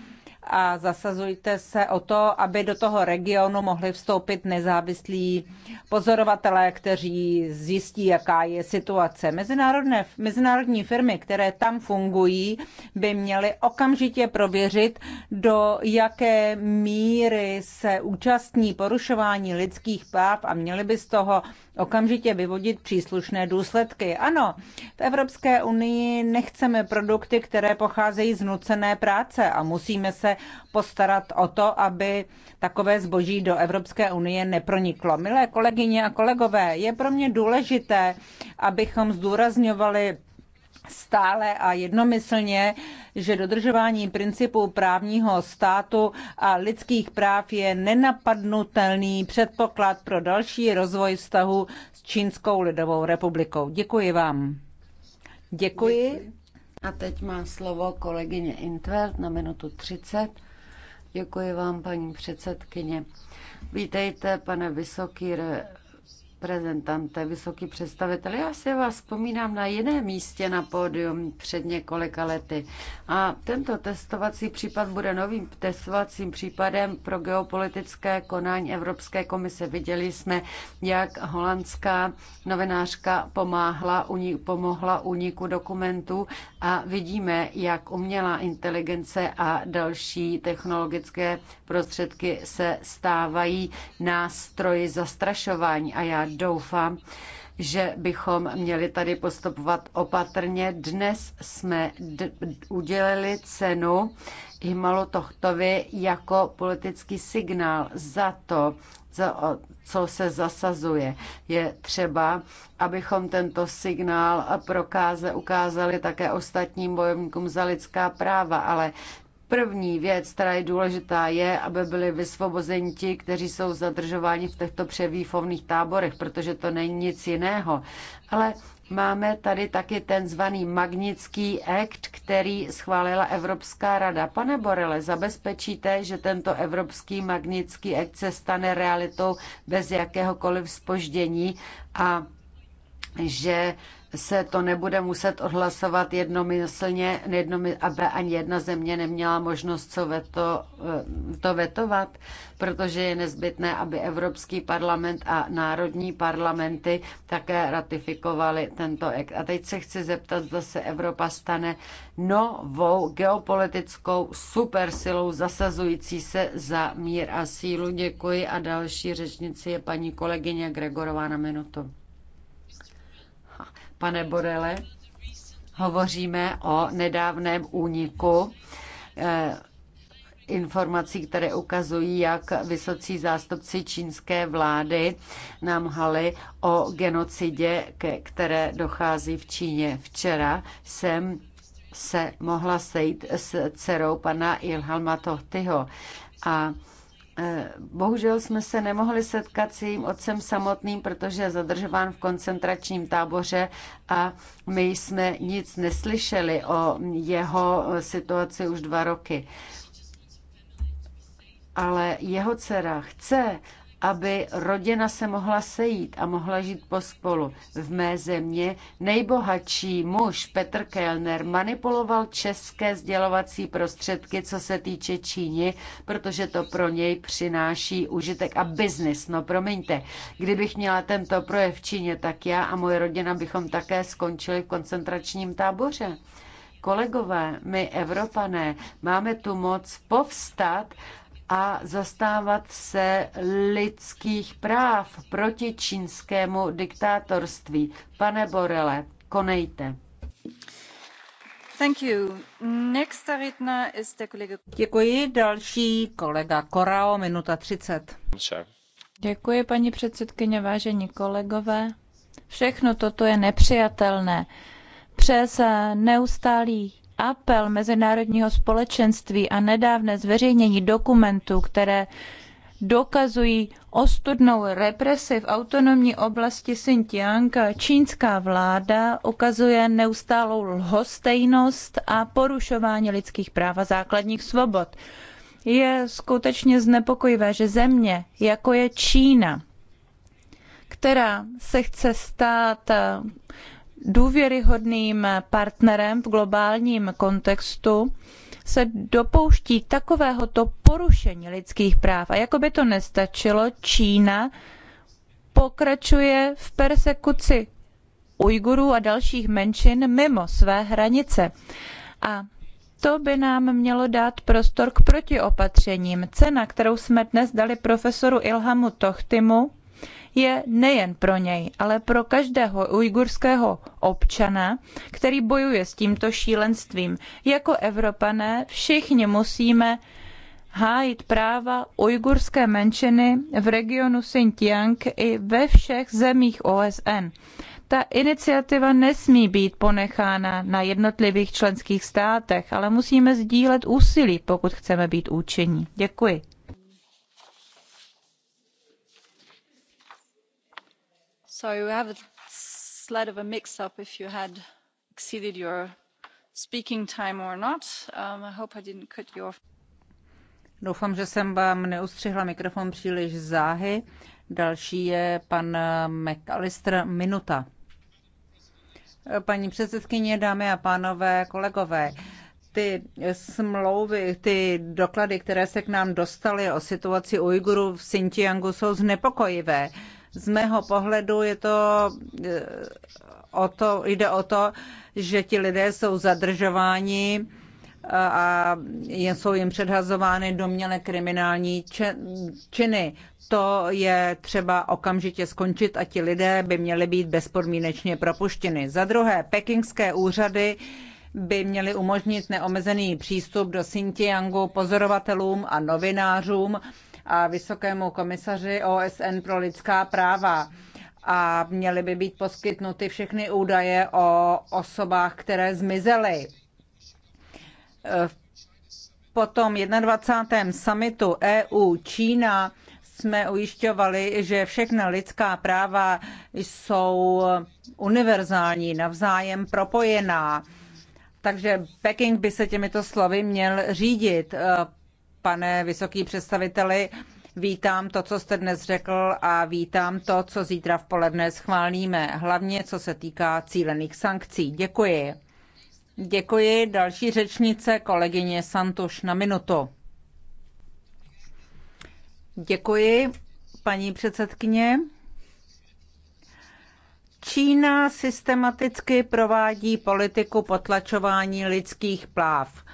a zasazujte se o to, aby do toho regionu mohli vstoupit nezávislí pozorovatelé, kteří zjistí, jaká je situace. Mezinárodné, mezinárodní firmy, které tam fungují, by měly okamžitě prověřit, do jaké míry se účastní porušování lidských práv a měly by z toho okamžitě vyvodit příslušné důsledky. Ano, v Evropské unii nechceme produkty, které pocházejí z nucené práce a musíme se postarat o to, aby takové zboží do Evropské unie neproniklo. Milé kolegyně a kolegové, je pro mě důležité, abychom zdůrazňovali stále a jednomyslně, že dodržování principů právního státu a lidských práv je nenapadnutelný předpoklad pro další rozvoj vztahu s Čínskou lidovou republikou. Děkuji vám. Děkuji. Děkuji. A teď má slovo kolegyně Intveld na minutu 30. Děkuji vám, paní předsedkyně. Vítejte, pane vysoký re reprezentante, vysoký představitel. Já si vás vzpomínám na jiné místě na pódium před několika lety. A tento testovací případ bude novým testovacím případem pro geopolitické konání Evropské komise. Viděli jsme, jak holandská novinářka pomáhla, uní, pomohla uniku dokumentů a vidíme, jak umělá inteligence a další technologické prostředky se stávají nástroji zastrašování. A já doufám, že bychom měli tady postupovat opatrně. Dnes jsme udělili cenu Himalu Tochtovi jako politický signál za to, za, co se zasazuje. Je třeba, abychom tento signál prokáze ukázali také ostatním bojovníkům za lidská práva, ale První věc, která je důležitá, je, aby byli vysvobozeni ti, kteří jsou zadržováni v těchto převýchovných táborech, protože to není nic jiného. Ale máme tady taky ten zvaný Magnický akt, který schválila Evropská rada. Pane Borele, zabezpečíte, že tento Evropský Magnický akt se stane realitou bez jakéhokoliv spoždění a že se to nebude muset odhlasovat jednomyslně, jednomysl, aby ani jedna země neměla možnost co veto, eh, to vetovat, protože je nezbytné, aby Evropský parlament a národní parlamenty také ratifikovali tento akt. A teď se chci zeptat, zda se Evropa stane novou geopolitickou supersilou zasazující se za mír a sílu. Děkuji a další řečnici je paní kolegyně Gregorová na minutu pane Borele. Hovoříme o nedávném úniku eh, informací, které ukazují, jak vysocí zástupci čínské vlády nám hali o genocidě, ke které dochází v Číně. Včera jsem se mohla sejít s dcerou pana Ilhalma Tohtyho a Eh, bohužel jsme se nemohli setkat s jejím otcem samotným, protože je zadržován v koncentračním táboře a my jsme nic neslyšeli o jeho situaci už dva roky. Ale jeho dcera chce, aby rodina se mohla sejít a mohla žít pospolu. V mé země nejbohatší muž Petr Kellner manipuloval české sdělovací prostředky, co se týče Číny, protože to pro něj přináší užitek a biznis. No promiňte, kdybych měla tento projev v Číně, tak já a moje rodina bychom také skončili v koncentračním táboře. Kolegové, my Evropané máme tu moc povstat a zastávat se lidských práv proti čínskému diktátorství. Pane Borele, konejte. Thank you. Next is the kolega... Děkuji. Další kolega Korao, minuta 30. Děkuji, paní předsedkyně, vážení kolegové. Všechno toto je nepřijatelné. Přes neustálý apel mezinárodního společenství a nedávné zveřejnění dokumentů, které dokazují ostudnou represi v autonomní oblasti Xinjiang, čínská vláda ukazuje neustálou lhostejnost a porušování lidských práv a základních svobod. Je skutečně znepokojivé, že země, jako je Čína, která se chce stát důvěryhodným partnerem v globálním kontextu se dopouští takovéhoto porušení lidských práv. A jako by to nestačilo, Čína pokračuje v perzekuci Ujgurů a dalších menšin mimo své hranice. A to by nám mělo dát prostor k protiopatřením. Cena, kterou jsme dnes dali profesoru Ilhamu Tochtimu, je nejen pro něj, ale pro každého ujgurského občana, který bojuje s tímto šílenstvím. Jako Evropané všichni musíme hájit práva ujgurské menšiny v regionu Xinjiang i ve všech zemích OSN. Ta iniciativa nesmí být ponechána na jednotlivých členských státech, ale musíme sdílet úsilí, pokud chceme být účinní. Děkuji. have a slight of a mix up if you had exceeded your speaking time or not. Um, I hope I didn't cut you off. Doufám, že jsem vám neustřihla mikrofon příliš záhy. Další je pan McAllister Minuta. Paní předsedkyně, dámy a pánové, kolegové, ty smlouvy, ty doklady, které se k nám dostaly o situaci Ujgurů v Xinjiangu, jsou znepokojivé. Z mého pohledu je to, eh, o to, jde o to, že ti lidé jsou zadržováni eh, a jsou jim předhazovány domněle kriminální činy. To je třeba okamžitě skončit a ti lidé by měli být bezpodmínečně propuštěni. Za druhé, pekingské úřady by měly umožnit neomezený přístup do Xinjiangu pozorovatelům a novinářům a vysokému komisaři OSN pro lidská práva a měly by být poskytnuty všechny údaje o osobách, které zmizely. Po tom 21. summitu EU-Čína jsme ujišťovali, že všechna lidská práva jsou univerzální, navzájem propojená. Takže Peking by se těmito slovy měl řídit pane vysoký představiteli. Vítám to, co jste dnes řekl a vítám to, co zítra v poledne schválíme, hlavně co se týká cílených sankcí. Děkuji. Děkuji. Další řečnice, kolegyně Santuš na minutu. Děkuji, paní předsedkyně. Čína systematicky provádí politiku potlačování lidských práv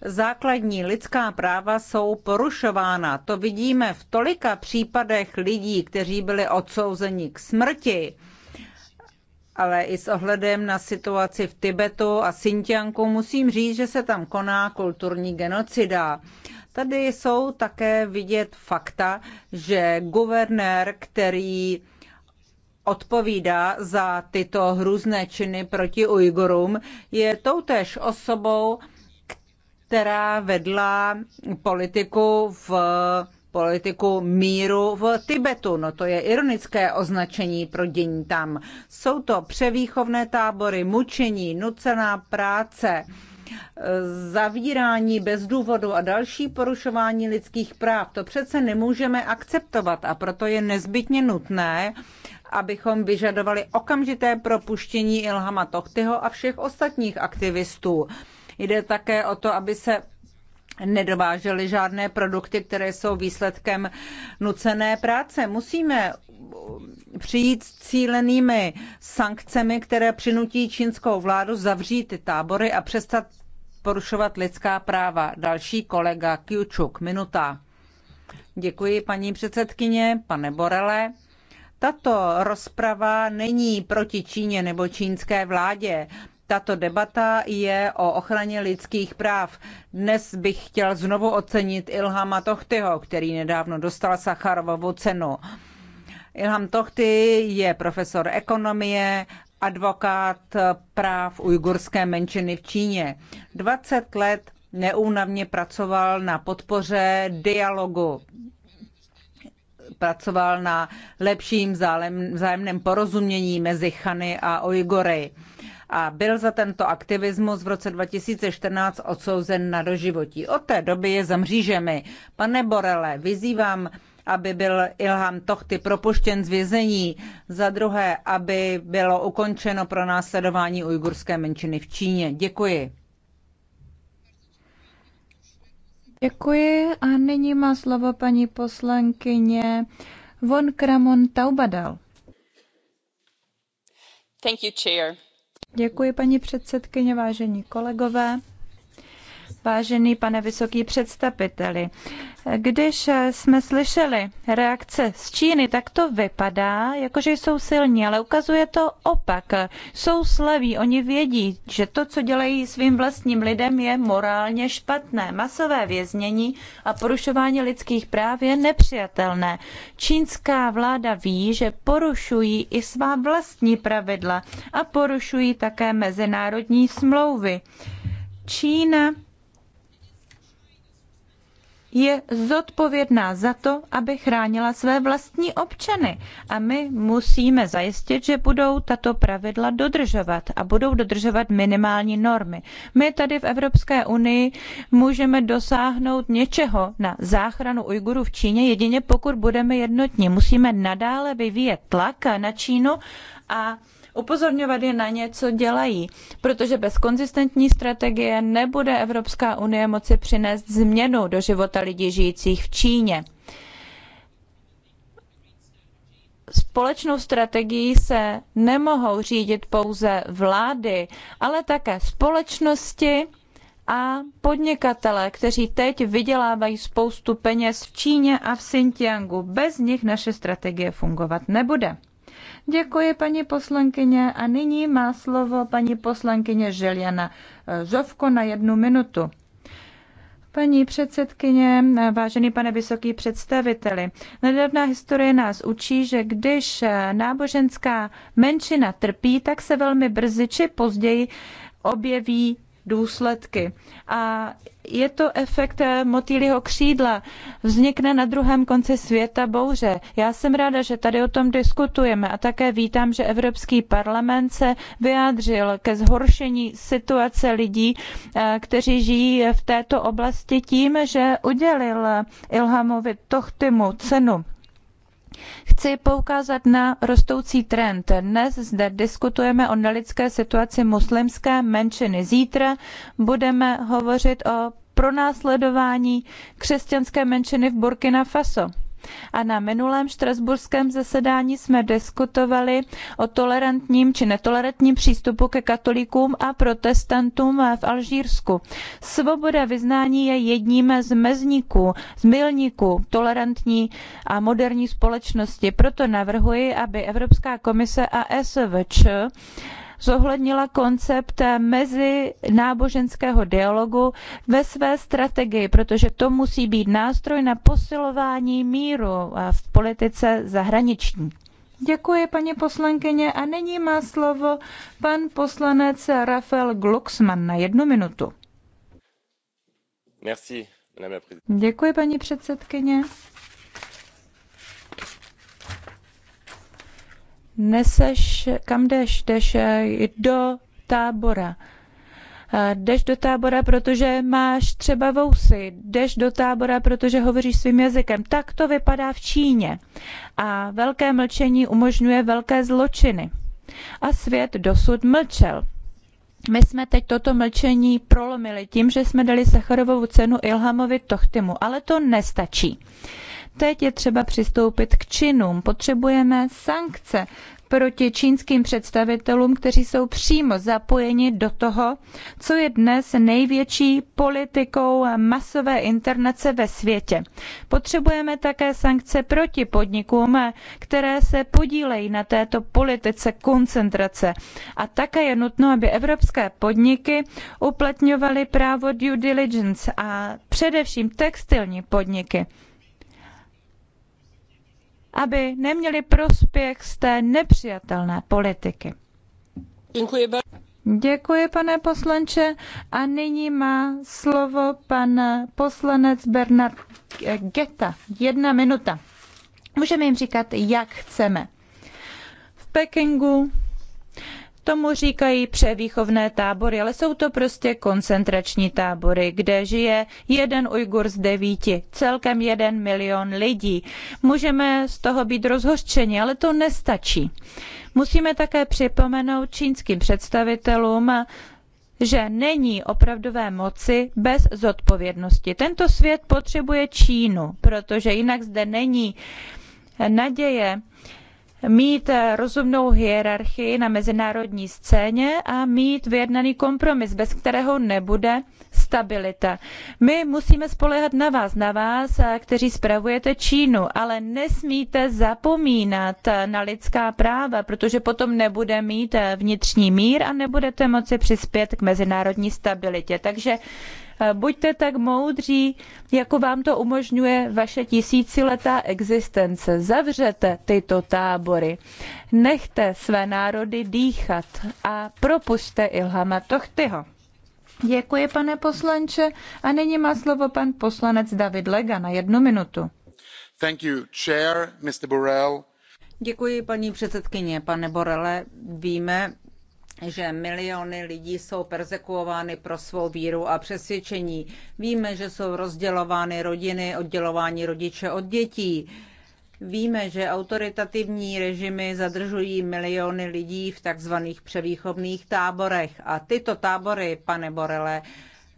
základní lidská práva jsou porušována. To vidíme v tolika případech lidí, kteří byli odsouzeni k smrti, ale i s ohledem na situaci v Tibetu a Xinjiangu musím říct, že se tam koná kulturní genocida. Tady jsou také vidět fakta, že guvernér, který odpovídá za tyto hrůzné činy proti Ujgurům, je toutéž osobou, která vedla politiku v politiku míru v Tibetu. No to je ironické označení pro dění tam. Jsou to převýchovné tábory, mučení, nucená práce, zavírání bez důvodu a další porušování lidských práv. To přece nemůžeme akceptovat a proto je nezbytně nutné, abychom vyžadovali okamžité propuštění Ilhama Tochtyho a všech ostatních aktivistů. Jde také o to, aby se nedovážely žádné produkty, které jsou výsledkem nucené práce. Musíme přijít s cílenými sankcemi, které přinutí čínskou vládu zavřít ty tábory a přestat porušovat lidská práva. Další kolega Kjučuk, minuta. Děkuji, paní předsedkyně, pane Borele. Tato rozprava není proti Číně nebo čínské vládě. Tato debata je o ochraně lidských práv. Dnes bych chtěl znovu ocenit Ilhama Tohtyho, který nedávno dostal Sacharovovu cenu. Ilham Tohty je profesor ekonomie, advokát práv ujgurské menšiny v Číně. 20 let neúnavně pracoval na podpoře dialogu pracoval na lepším vzájemném porozumění mezi Chany a Ujgory a byl za tento aktivismus v roce 2014 odsouzen na doživotí. Od té doby je za mřížemi. Pane Borele, vyzývám aby byl Ilham Tohty propuštěn z vězení, za druhé, aby bylo ukončeno pro následování ujgurské menšiny v Číně. Děkuji. Děkuji a nyní má slovo paní poslankyně Von Kramon Taubadal. Thank you, chair. Děkuji, paní předsedkyně, vážení kolegové. Vážený pane vysoký představiteli, když jsme slyšeli reakce z Číny, tak to vypadá, jakože jsou silní, ale ukazuje to opak. Jsou slaví, oni vědí, že to, co dělají svým vlastním lidem, je morálně špatné. Masové věznění a porušování lidských práv je nepřijatelné. Čínská vláda ví, že porušují i svá vlastní pravidla a porušují také mezinárodní smlouvy. Čína je zodpovědná za to, aby chránila své vlastní občany. A my musíme zajistit, že budou tato pravidla dodržovat a budou dodržovat minimální normy. My tady v Evropské unii můžeme dosáhnout něčeho na záchranu Ujgurů v Číně, jedině pokud budeme jednotní. Musíme nadále vyvíjet tlak na Čínu a upozorňovat je na ně, co dělají, protože bez konzistentní strategie nebude Evropská unie moci přinést změnu do života lidí žijících v Číně. Společnou strategií se nemohou řídit pouze vlády, ale také společnosti, a podnikatele, kteří teď vydělávají spoustu peněz v Číně a v Xinjiangu. Bez nich naše strategie fungovat nebude. Děkuji paní poslankyně a nyní má slovo paní poslankyně Želiana Zovko eh, na jednu minutu. Paní předsedkyně, eh, vážený pane vysoký představiteli, nedávná historie nás učí, že když eh, náboženská menšina trpí, tak se velmi brzy či později objeví důsledky. A je to efekt eh, motýlího křídla. Vznikne na druhém konci světa bouře. Já jsem ráda, že tady o tom diskutujeme a také vítám, že Evropský parlament se vyjádřil ke zhoršení situace lidí, eh, kteří žijí v této oblasti tím, že udělil Ilhamovi Tochtymu cenu Chci poukázat na rostoucí trend. Dnes zde diskutujeme o nelidské situaci muslimské menšiny. Zítra budeme hovořit o pronásledování křesťanské menšiny v Burkina Faso a na minulém štrasburském zasedání jsme diskutovali o tolerantním či netolerantním přístupu ke katolíkům a protestantům v Alžírsku. Svoboda vyznání je jedním z mezníků, z milníků tolerantní a moderní společnosti. Proto navrhuji, aby Evropská komise a SVČ zohlednila koncept mezi náboženského dialogu ve své strategii, protože to musí být nástroj na posilování míru v politice zahraniční. Děkuji, paní poslankyně. A nyní má slovo pan poslanec Rafael Glucksmann na jednu minutu. Merci, Děkuji, paní předsedkyně. neseš, kam jdeš, jdeš eh, do tábora. Eh, jdeš do tábora, protože máš třeba vousy, jdeš do tábora, protože hovoříš svým jazykem. Tak to vypadá v Číně. A velké mlčení umožňuje velké zločiny. A svět dosud mlčel. My jsme teď toto mlčení prolomili tím, že jsme dali sacharovou cenu Ilhamovi Tochtymu, ale to nestačí. Teď je třeba přistoupit k činům. Potřebujeme sankce proti čínským představitelům, kteří jsou přímo zapojeni do toho, co je dnes největší politikou masové internace ve světě. Potřebujeme také sankce proti podnikům, které se podílejí na této politice koncentrace. A také je nutno, aby evropské podniky uplatňovaly právo due diligence a především textilní podniky aby neměli prospěch z té nepřijatelné politiky. Děkuji. Děkuji, pane poslanče. A nyní má slovo pan poslanec Bernard Geta. Jedna minuta. Můžeme jim říkat, jak chceme. V Pekingu Tomu říkají převýchovné tábory, ale jsou to prostě koncentrační tábory, kde žije jeden Ujgur z devíti, celkem jeden milion lidí. Můžeme z toho být rozhořčeni, ale to nestačí. Musíme také připomenout čínským představitelům, že není opravdové moci bez zodpovědnosti. Tento svět potřebuje Čínu, protože jinak zde není naděje mít rozumnou hierarchii na mezinárodní scéně a mít vyjednaný kompromis, bez kterého nebude stabilita. My musíme spolehat na vás, na vás, kteří spravujete Čínu, ale nesmíte zapomínat na lidská práva, protože potom nebude mít vnitřní mír a nebudete moci přispět k mezinárodní stabilitě. Takže Buďte tak moudří, jako vám to umožňuje vaše tisíciletá existence. Zavřete tyto tábory, nechte své národy dýchat a propuste Ilhama Tochtyho. Děkuji, pane poslanče. A nyní má slovo pan poslanec David Lega na jednu minutu. Thank you, chair, Mr. Borrell. Děkuji, paní předsedkyně. Pane Borele, víme, že miliony lidí jsou persekuovány pro svou víru a přesvědčení. Víme, že jsou rozdělovány rodiny, oddělování rodiče od dětí. Víme, že autoritativní režimy zadržují miliony lidí v takzvaných převýchovných táborech. A tyto tábory, pane Borele,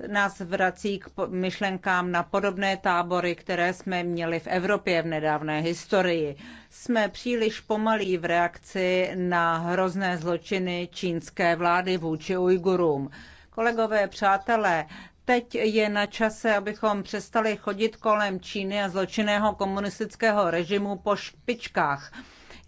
nás vrací k myšlenkám na podobné tábory, které jsme měli v Evropě v nedávné historii. Jsme příliš pomalí v reakci na hrozné zločiny čínské vlády vůči Ujgurům. Kolegové, přátelé, teď je na čase, abychom přestali chodit kolem Číny a zločinného komunistického režimu po špičkách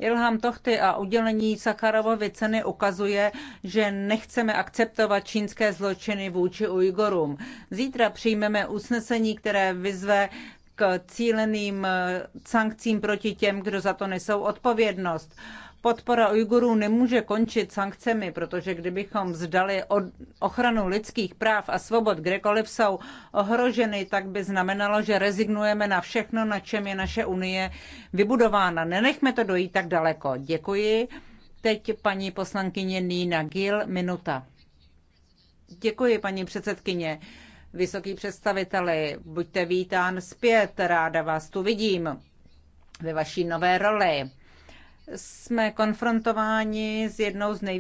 Ilham Tohty a udělení Sakharovovi ceny ukazuje, že nechceme akceptovat čínské zločiny vůči Ujgorům. Zítra přijmeme usnesení, které vyzve k cíleným sankcím proti těm, kdo za to nesou odpovědnost podpora Ujgurů nemůže končit sankcemi, protože kdybychom vzdali od ochranu lidských práv a svobod, kdekoliv jsou ohroženy, tak by znamenalo, že rezignujeme na všechno, na čem je naše unie vybudována. Nenechme to dojít tak daleko. Děkuji. Teď paní poslankyně Nina Gil, minuta. Děkuji, paní předsedkyně. Vysoký představiteli, buďte vítán zpět, ráda vás tu vidím ve vaší nové roli jsme konfrontováni s jednou z největších